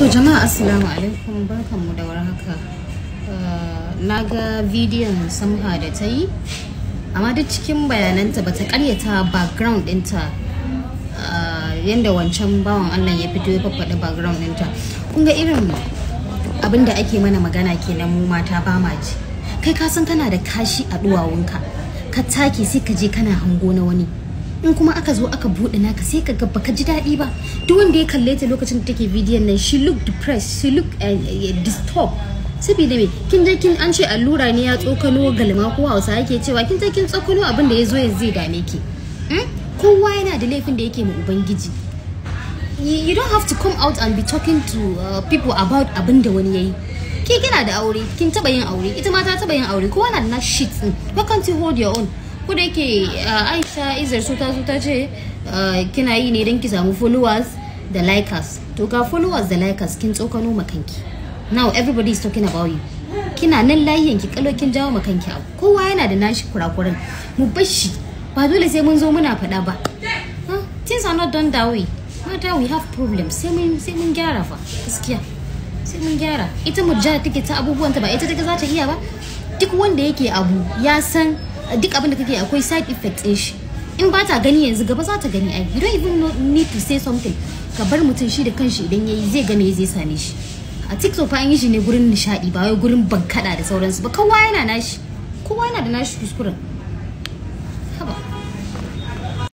to jama'a assalamu alaikum barkanmu da warhaka uh, na ga bidiyon samha da ta yi amma duk cikin bayananta bata karyata background ɗinta uh, yadda wancan bawan allah ya fito ya faɗi background ɗinta kun ga irin abin da ake mana magana ke nan mu mata ba ma ji kai ka san kana da kashi a duwawunka ka take sai ka je kana hango na wani in kuma aka zo aka buɗe naka sai ka gaba ka ji daɗi ba duk wanda ya kalle ta lokacin da take bidiyon nan she look depressed she look eh, eh, disturbed saboda me kin je kin an ce allura ne ya tsokano galma ko hausa yake cewa kin je kin tsokano abin da ya zo yanzu zai dame ki hmm? kowa yana da laifin da yake ma ubangiji you don't have to come out and be talking to uh, people about abin da wani yayi ke kina da aure kin taba yin aure ita ma ta taba yin aure kowa na da na shit din why can't you hold your own ko da yake uh, aisha izar su ta zo ta ce uh, kina yi ne don ki samu followers da likers to ga followers da likers kin tsokano makanki now everybody is talking about you kina nan layin ki kalo kin jawo makanki abu kowa yana da nashi kurakuran mu bashi ba dole sai mun zo muna faɗa ba things are not done that way mata we have problems sai mun sai mun gyara fa gaskiya sai mun gyara ita murja take ta abubuwanta ba ita take za ta iya ba duk wanda yake abu ya san duk abin da kake akwai side effects din shi in ba ta gani yanzu gaba za ta gani ai you don't even need to say something ka bar mutum shi da kanshi idan yayi zai gane zai same shi a tiktok fa an yi shi ne gurin nishadi ba wai gurin bankada da sauransu ba kowa yana nashi kowa yana da nashi kuskuren